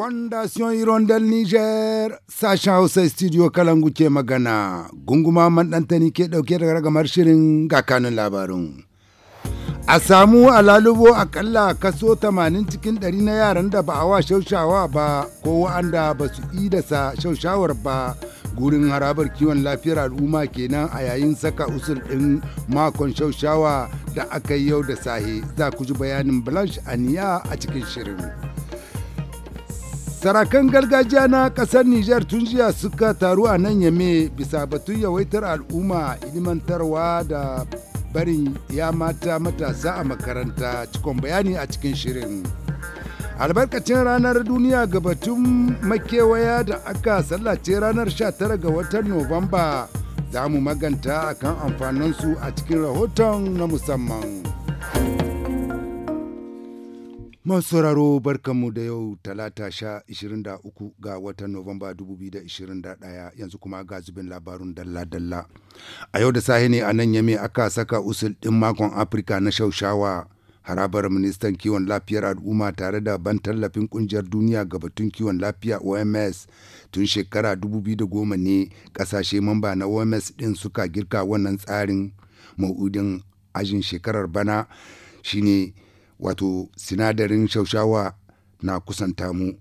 Fondation Hirondelle Niger sashen Hausa studio Kalangu ke magana gunguma man dantani ke dauke da ragamar shirin ga kanun labarin. A samu alalubo akalla kaso 80 cikin 100 na yaran da ba a wa shaushawa ba ko wa'anda ba su sa shaushawar ba gurin harabar kiwon lafiyar al'umma kenan a yayin saka usul ɗin makon shaushawa da aka yi yau da sahi za ku ji bayanin Blanche Aniya a cikin shirin. sarakan gargajiya na kasar Nijar tun jiya suka taru a nan yame bisa batun yawaitar al'umma ilimantarwa da barin ya mata matasa a makaranta cikon bayani a cikin shirin. albarkacin ranar duniya ga batun makewaya da aka sallace ranar 19 ga watan Nuwamba za mu maganta akan amfaninsu a cikin rahoton na musamman. masauraro barkanmu da yau talata sha ishirin da uku ga watan Nuwamba ɗaya yanzu kuma ga zubin labarun dalla-dalla. A yau da sahi ne a nan yame aka saka usul ɗin makon Afirka na shaushawa. Harabar ministan kiwon lafiyar al'umma tare da ban tallafin kungiyar duniya ga batun kiwon lafiya OMS tun shekara dubu biyu da goma ne kasashe mamba na OMS ɗin suka girka wannan tsarin ma'udin ajin shekarar bana shine wato sinadarin shaushawa na kusanta mu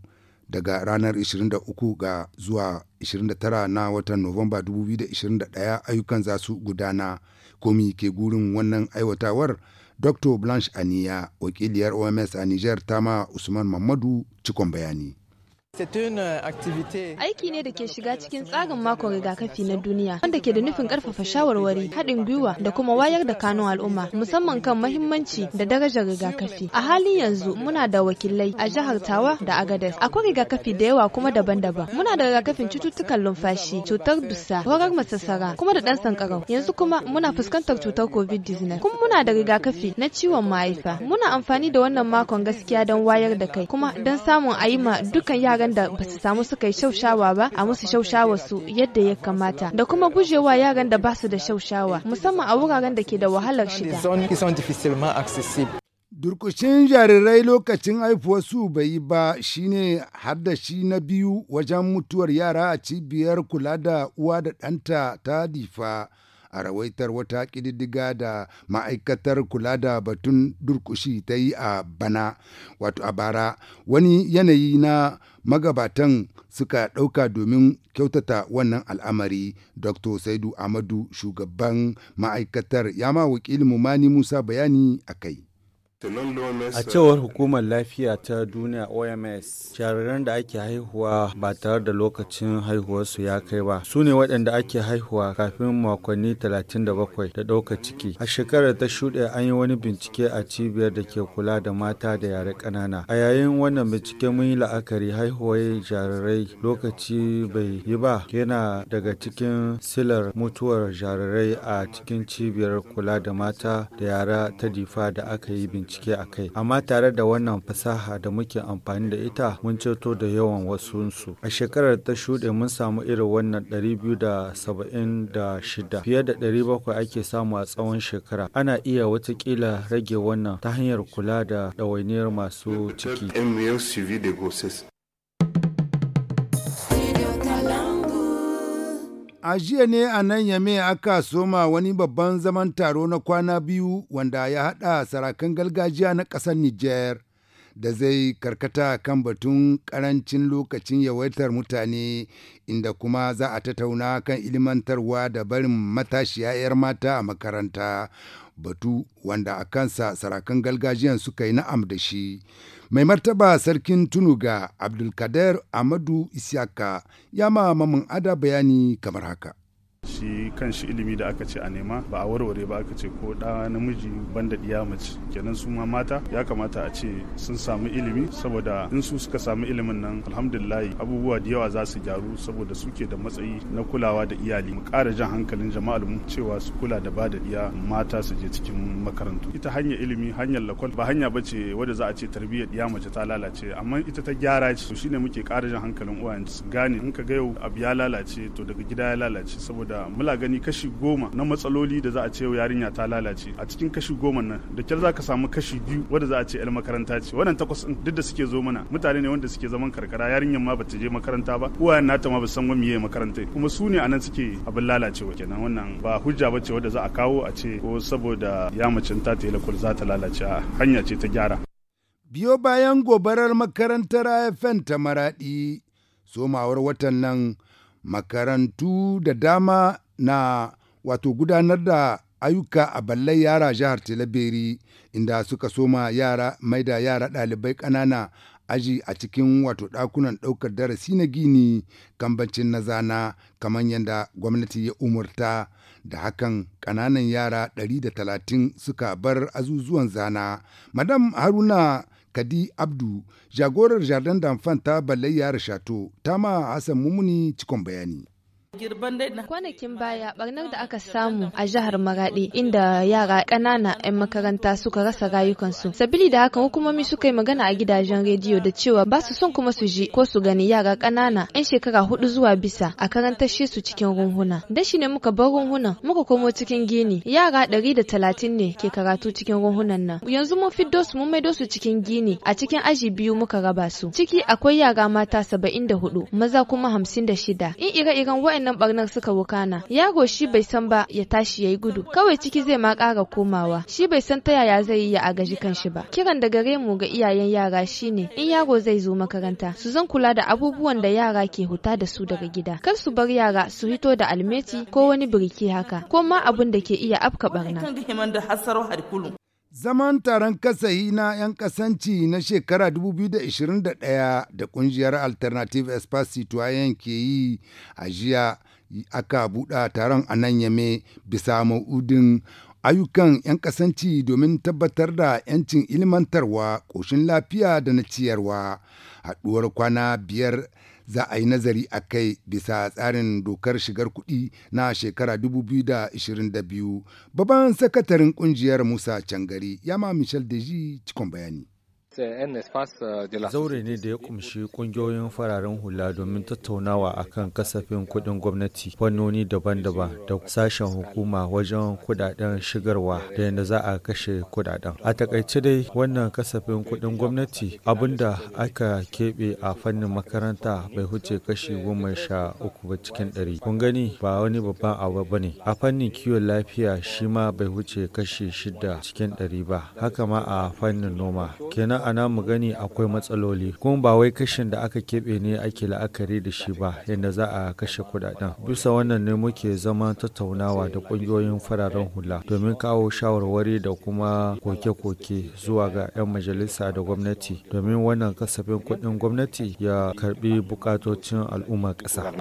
daga ranar 23 ga zuwa 29 na watan Nuwamba 2021 ayyukan za su gudana komi ke gurin wannan aiwatawar Dr. Blanche Aniya wakiliyar OMS a Niger Tama Usman Mamadu cikon bayani. Euh, Aiki ne da ke shiga cikin tsarin makon rigakafi na duniya wanda ke da nufin karfafa shawarwari, haɗin gwiwa da kuma wayar da kanun al'umma musamman kan mahimmanci da darajar rigakafi. A halin yanzu muna da wakilai a jihar Tawa da Agadez. Akwai rigakafi da yawa kuma daban-daban. Muna da rigakafin cututtukan lumfashi, cutar dusa, horar masassara, kuma da ɗan sankarau. Yanzu kuma muna fuskantar cutar COVID-19. Kuma muna da rigakafi na ciwon mahaifa. Muna amfani da wannan makon gaskiya don wayar da kai kuma don samun a yi ma dukkan yaran da ba su samu suka yi shaushawa ba a musu shaushawa su yadda ya kamata da kuma gujewa yaran da ba su da shaushawa musamman a wuraren da ke da wahalar shiga. Durkushin jarirai lokacin su bai yi ba shine haddashi na biyu wajen mutuwar yara a cibiyar kula da uwa da ɗanta ta difa. a rawaitar wata ƙididdiga da ma'aikatar kula da batun durkushi ta yi a bana wato a bara wani yanayi na magabatan suka ɗauka domin kyautata wannan al'amari dr saidu amadu shugaban ma'aikatar ya ma wakilin mani musa bayani a kai A cewar uh, Hukumar Lafiya ta Duniya OMS, shararren da ake haihuwa ba tare da lokacin haihuwarsu ya kai ba, su ne waɗanda ake haihuwa kafin makonni 37 da ɗauka ciki. A shekarar ta shuɗe an yi wani bincike a cibiyar da ke kula da mata da yare ƙanana. A yayin wannan bincike mun yi la'akari haihuwar jarirai lokaci bai yi ba yana daga cikin silar mutuwar jarirai a cikin cibiyar kula da mata da yara ta difa da aka yi bincike. bincike a kai amma tare da wannan fasaha da muke amfani da ita mun ceto da yawan wasunsu a shekarar ta shuɗe mun samu irin wannan 276 fiye da 700 ake samu a tsawon shekara ana iya watakila rage wannan ta hanyar kula da ɗawainiyar masu ciki A jiya ne a nan Yame aka soma wani babban zaman taro na kwana biyu wanda ya haɗa sarakan gargajiya na ƙasar Nijar da zai karkata kan batun karancin lokacin yawaitar mutane inda kuma za a tattauna kan ilimantarwa da barin matashiya 'yar mata a makaranta batu wanda a kansa sarakan galgajiyan suka yi na'am da shi mai martaba sarkin tunuga abdulkader amadu isyaka ya ma mamun ada bayani kamar haka shi kan shi ilimi da aka ce a nema ba a warware ba aka ce ko da namiji banda ɗiya mace kenan su ma mata ya kamata a ce sun samu ilimi saboda in su suka samu ilimin nan alhamdulillahi abubuwa da yawa za su gyaru saboda suke da matsayi na kulawa da iyali mu ƙara jan hankalin jama'ar mu cewa su kula da ba da ɗiya mata su je cikin makarantu ita hanyar ilimi hanyar lakwal ba hanya bace ce wadda za a ce tarbiyyar ɗiya mace ta lalace amma ita ta gyara ce shine muke ƙara jan hankalin uwayen su gane in ka ga yau abu ya lalace to daga gida ya lalace saboda da mula gani kashi goma na matsaloli da za a ce yarinya ta lalace a cikin kashi goma nan da kyar za ka samu kashi biyu wanda za a ce yar makaranta ce wannan takwas duk da suke zo mana mutane ne wanda suke zaman karkara yarinyar ma bata je makaranta ba uwayen nata ma ba san wani miye makaranta kuma su ne anan suke abin lalacewa kenan wannan ba hujja ba ce wanda za a kawo a ce ko saboda ya macin ta telekul za ta lalace a hanya ce ta gyara biyo bayan gobarar makarantar AFN ta maraɗi somawar watan nan makarantu da dama na wato gudanar da ayyuka a ballai yara jihar Tilaberi inda suka soma yara maida yara ɗalibai ƙanana aji a cikin wato ɗakunan ɗaukar darasi na gini kambancin na zana kamar yadda gwamnati ya umurta da hakan ƙananan yara 130 suka bar azuzuwan zana. Madam Haruna Kadi Abdu, jagorar Jardin Damfan ta Balayya rashato ta ma Hassan Mumuni cikon bayani. Kwanakin baya barnar da aka samu a jihar Maradi inda yara ƙanana 'yan makaranta suka rasa rayukansu. Sabili da haka hukumomi suka yi magana a gidajen rediyo da cewa ba su son kuma su ji ko su gani yara ƙanana 'yan shekara hudu zuwa bisa a shi su cikin runhuna. Dashi ne muka bar runhunan muka komo cikin gini yara ɗari da talatin ne ke karatu cikin runhunan nan. Yanzu mun fiddo su mun maido su cikin gini a cikin aji biyu muka raba su. Ciki akwai yara mata saba'in da hudu maza kuma hamsin da shida. In ire-iren wannan barnar suka wukana yaro shi bai san ba ya tashi yayi gudu kawai ciki zai ma kara komawa shi bai san ta yaya zai yi ya agaji shi ba kiran da gare mu ga iyayen yara shine in yaro zai zo makaranta su zan kula da abubuwan da yara ke huta da su daga gida kar su bar yara su hito da almeti ko wani birki haka ko ma abin da ke iya afka barna Zaman taron kasahi na 'yan kasanci na shekara 2021 da kungiyar Alternative Espacito ke yi a jiya aka buɗa taron a nan yame bisa ma'udin ayyukan 'yan kasanci domin tabbatar da 'yancin ilmantarwa, ƙoshin lafiya da na ciyarwa, haɗuwar kwana biyar za a yi nazari a kai bisa tsarin dokar shigar kuɗi na shekara 2022 babban sakataren ƙungiyar musa ya ma michel deji cikon bayani Uh, Zaure ne da ya kumshi kungiyoyin fararen hula domin tattaunawa a kan kasafin kuɗin gwamnati fannoni daban-daban da sashen hukuma wajen kudaden shigarwa da yadda za a kashe kudaden. A takaice dai wannan kasafin kuɗin gwamnati abinda aka keɓe a fannin makaranta bai huce kashi goma sha uku ba cikin ɗari. Kun gani ba wani babban abu ba ne. A fannin kiwon lafiya shi ma bai huce kashi shida cikin ɗari ba. Haka ma a fannin noma. Kenan a mu gani akwai matsaloli kuma ba wai kashin da aka keɓe ne ake la'akari da shi ba yadda za a kashe kudaden bisa wannan ne muke zama tattaunawa da ƙungiyoyin fararen hula domin kawo shawarwari da kuma koke-koke zuwa ga 'yan majalisa da gwamnati domin wannan kasafin kuɗin gwamnati ya karɓi bukatocin al'ummar ƙasa.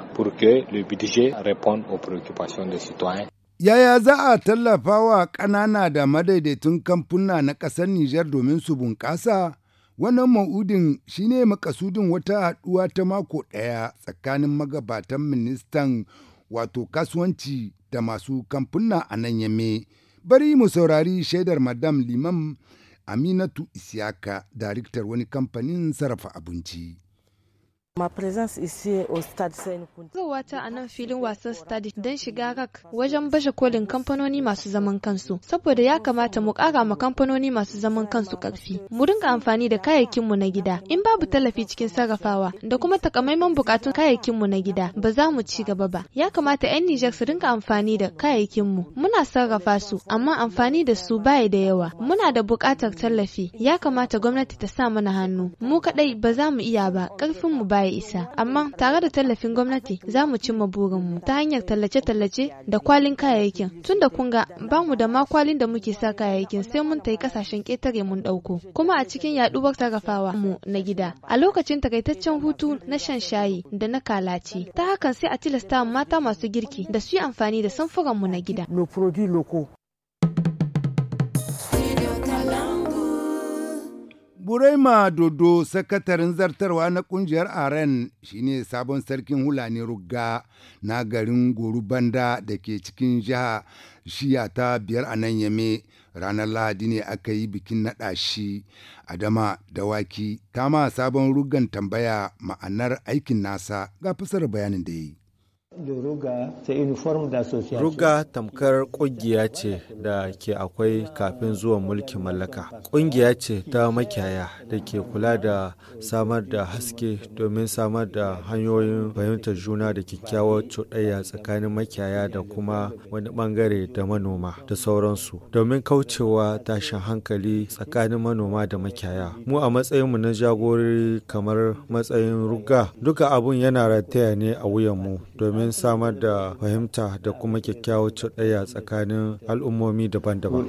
Yaya za a tallafa wa ƙanana da madaidaitun kamfuna na ƙasar Nijar domin su bunƙasa? Wannan ma'udin shi ne makasudin wata haɗuwa ta mako ɗaya tsakanin magabatan ministan wato kasuwanci da masu kamfuna a nan yame. Bari mu saurari shaidar Madam Limam Aminatu Isiyaka, daraktar wani kamfanin sarrafa abinci. Ma presence ici a nan filin wasan stade don shiga rak wajen baje kolin kamfanoni masu zaman kansu. Saboda ya kamata mu kara ma kamfanoni masu zaman kansu karfi. Mu dinga amfani da kayayyakin mu na gida. In babu tallafi cikin sarrafawa da kuma takamaiman bukatun mu na gida ba za mu ci gaba ba. Ya kamata 'yan Nijar su dinga amfani da mu, Muna sarrafa su amma amfani da su baya da yawa. Muna da bukatar tallafi. Ya kamata gwamnati ta sa mana hannu. Mu kadai ba za mu iya ba. mu baya ya isa amma tare da tallafin gwamnati za mu cimma burinmu ta hanyar tallace-tallace da kwalin kayayyakin tun da kunga ba mu da ma kwalin da muke sa kayayyakin sai mun tayi kasashen ƙetare mun ɗauko kuma a cikin yaɗuwar sarrafawa mu na gida a lokacin takaitaccen hutu na shan shayi da na kalaci ta hakan sai a tilasta mata masu girki da su yi amfani da samfuran mu na gida. Burema Dodo sakataren zartarwa na kungiyar Aren shine sabon sarkin Hulani Rugga na garin Gorubanda da ke cikin jiha shiya ta biyar a nan yame ranar Lahadi ne aka yi bikin naɗa shi Adama Dawaki ta ma sabon rugan tambaya ma'anar aikin nasa ga fasar bayanin da ya yi. Ruga tamkar ƙungiya ce da ke akwai kafin zuwan mulkin mallaka. Ƙungiya ce ta makiyaya da ke kula da samar da haske domin samar da hanyoyin fahimtar juna da kyakkyawar cuɗayya tsakanin makiyaya da kuma wani ɓangare da manoma da sauransu. Domin kaucewa tashin hankali tsakanin manoma da makiyaya. Mu a matsayinmu na jagorori kamar matsayin ruga, duka abun yana rataya ne a wuyanmu domin domin samar da fahimta da kuma kyakkyawar cuɗaya tsakanin al'ummomi daban-daban.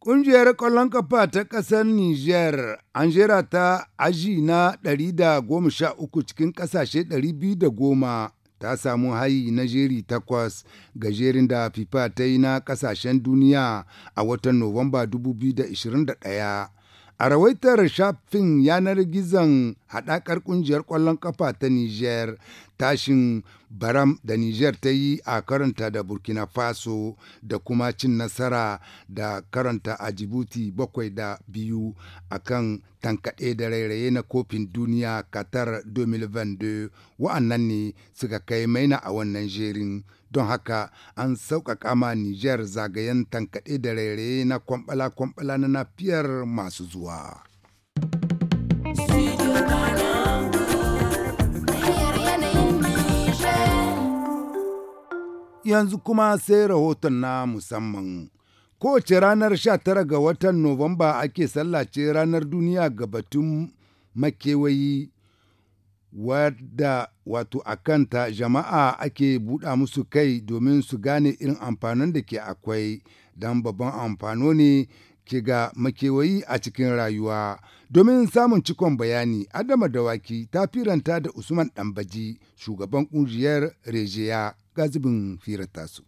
Ƙungiyar ƙwallon kafa ta ƙasar Nijar an jera ta aji na 113 cikin ƙasashe 210 ta samu hayi na jeri takwas ga jerin da FIFA ta yi na ƙasashen duniya a watan Nuwamba 2021. A rawaitar shafin yanar gizon haɗakar ƙungiyar ƙwallon ƙafa ta Niger tashin baram da Niger ta yi a karanta da Burkina Faso da kuma cin nasara da karanta a Djibouti bakwai da biyu a kan tankaɗe da rairaye na kofin duniya katar 2022 wa'annan ne suka kai maina a wannan jerin. Don haka an sauƙaƙa ma Niger zagayen tankaɗe da rairaye na kwamɓala-kwamɓala na nafiyar masu zuwa. yanzu kuma sai rahoton na musamman. Kowace ranar 19 ga watan Nuwamba ake sallace ranar duniya ga batun makewayi wadda wato a kanta jama'a ake buɗa musu kai domin su gane irin amfanin da ke akwai don babban amfano ne ke ga makewayi a cikin rayuwa. Domin samun cikon bayani, Adama Dawaki ta firanta da Usman dambaji shugaban ƙungiyar Rejiya, gazibin firar su.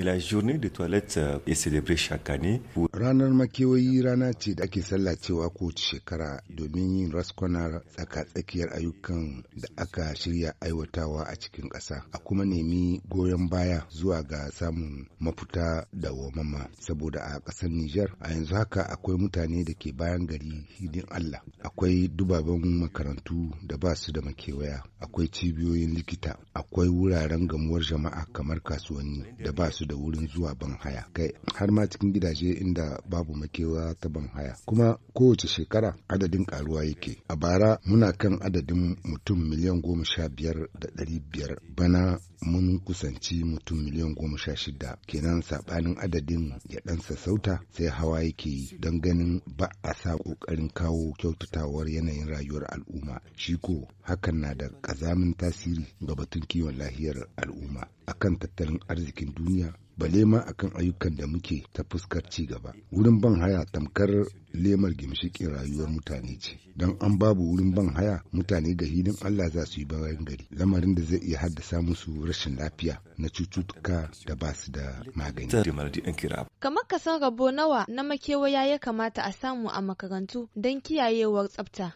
La journée de toilette euh, est célébrée chaque année. Ranar makewayi rana ce da ake sallacewa kowace shekara domin yin raskwana tsaka-tsakiyar ayyukan da aka shirya aiwatawa a cikin ƙasa. A kuma nemi goyon baya zuwa ga samun mafuta da wamama. Saboda a ƙasar Nijar a yanzu haka akwai mutane da ke bayan gari hidin Allah. Akwai dubaban makarantu da ba su da makewaya. Akwai cibiyoyin likita. Akwai wuraren gamuwar jama'a kamar kasuwanni da ba su da wurin zuwa ban haya kai har ma cikin gidaje inda babu makewa ta ban haya kuma kowace shekara adadin karuwa yake a bara muna kan adadin mutum miliyan goma sha biyar da ɗari biyar bana mun kusanci mutum miliyan goma sha shida kenan saɓanin adadin ya dan sassauta sai hawa yake yi don ganin ba a sa ƙoƙarin kawo kyautatawar yanayin rayuwar al'umma shi ko hakan na da ƙazamin tasiri ga batun kiwon lahiyar al'umma akan tattalin arzikin duniya bale ma akan ayyukan da muke ta fuskar ci gaba wurin ban haya tamkar lemar gimshikin rayuwar mutane ce don an babu wurin ban haya mutane ga hidin Allah za su yi bayan gari lamarin da zai iya haddasa musu rashin lafiya na cututtuka da ba su da magani. Kamar kasan rabo nawa na makewaya ya kamata a samu a makarantu don kiyayewar tsafta.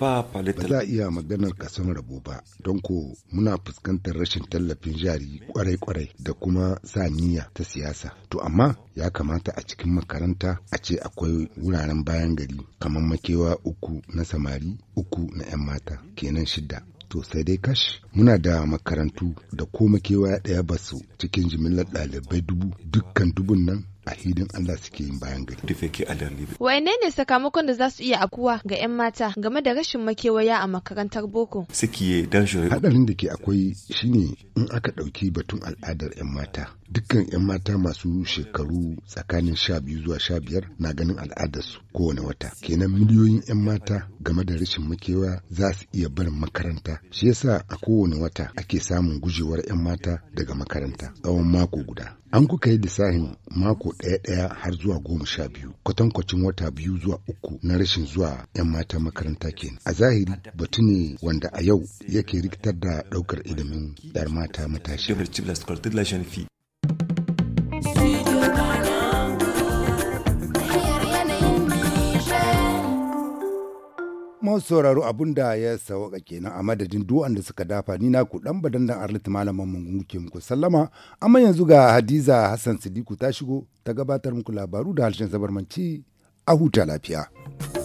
Ba za a iya maganar ka kasan rabo ba don ko muna fuskantar rashin tallafin jari kwarai-kwarai da kuma sa niyya ta siyasa. To amma ya kamata a cikin makaranta a ce akwai wuraren bayan gari kamar makewa uku na samari uku na 'yan mata kenan shidda to sai dai kash muna da makarantu da ko makewa ɗaya basu cikin jimillar ɗalibai dubu dukkan dubun nan a hidin Allah suke yin bayan gari. Wane ne sakamakon da za su iya akuwa ga 'yan mata game da rashin makewaya a makarantar boko? Haɗarin da ke akwai shine in aka ɗauki batun al'adar 'yan mata Dukkan 'yan mata masu shekaru tsakanin sha biyu zuwa sha biyar na ganin al'adarsu kowane wata. Kenan miliyoyin 'yan mata game da rashin makewa za su iya barin makaranta. Shi yasa a kowane wata ake samun gujewar 'yan mata daga makaranta tsawon mako guda. An kuka yi lissafin mako ɗaya-ɗaya har zuwa goma sha biyu, kwatankwacin wata biyu zuwa uku na rashin zuwa 'yan mata makaranta kenan. A zahiri batu ne wanda a yau yake rikitar da ɗaukar ilimin 'yar mata matashi. masu sauraro abun da ya sauka kenan a madadin duwan da suka dafa ni na ku dan badan dan arlit malaman mun muke muku sallama amma yanzu ga hadiza hassan sidiku ta shigo ta gabatar muku labaru da harshen zabarmanci a huta lafiya.